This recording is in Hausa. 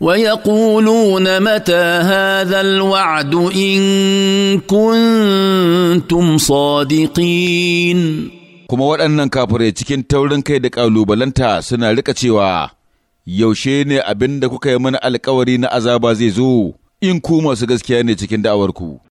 ويقولون متى هذا الوعد ان كنتم صادقين kuma waɗannan kafirai cikin taurin kai da ƙalubalanta suna rika cewa yaushe ne abin da kuka yi mana alkawari na azaba zai zo in ku masu gaskiya ne cikin da'awarku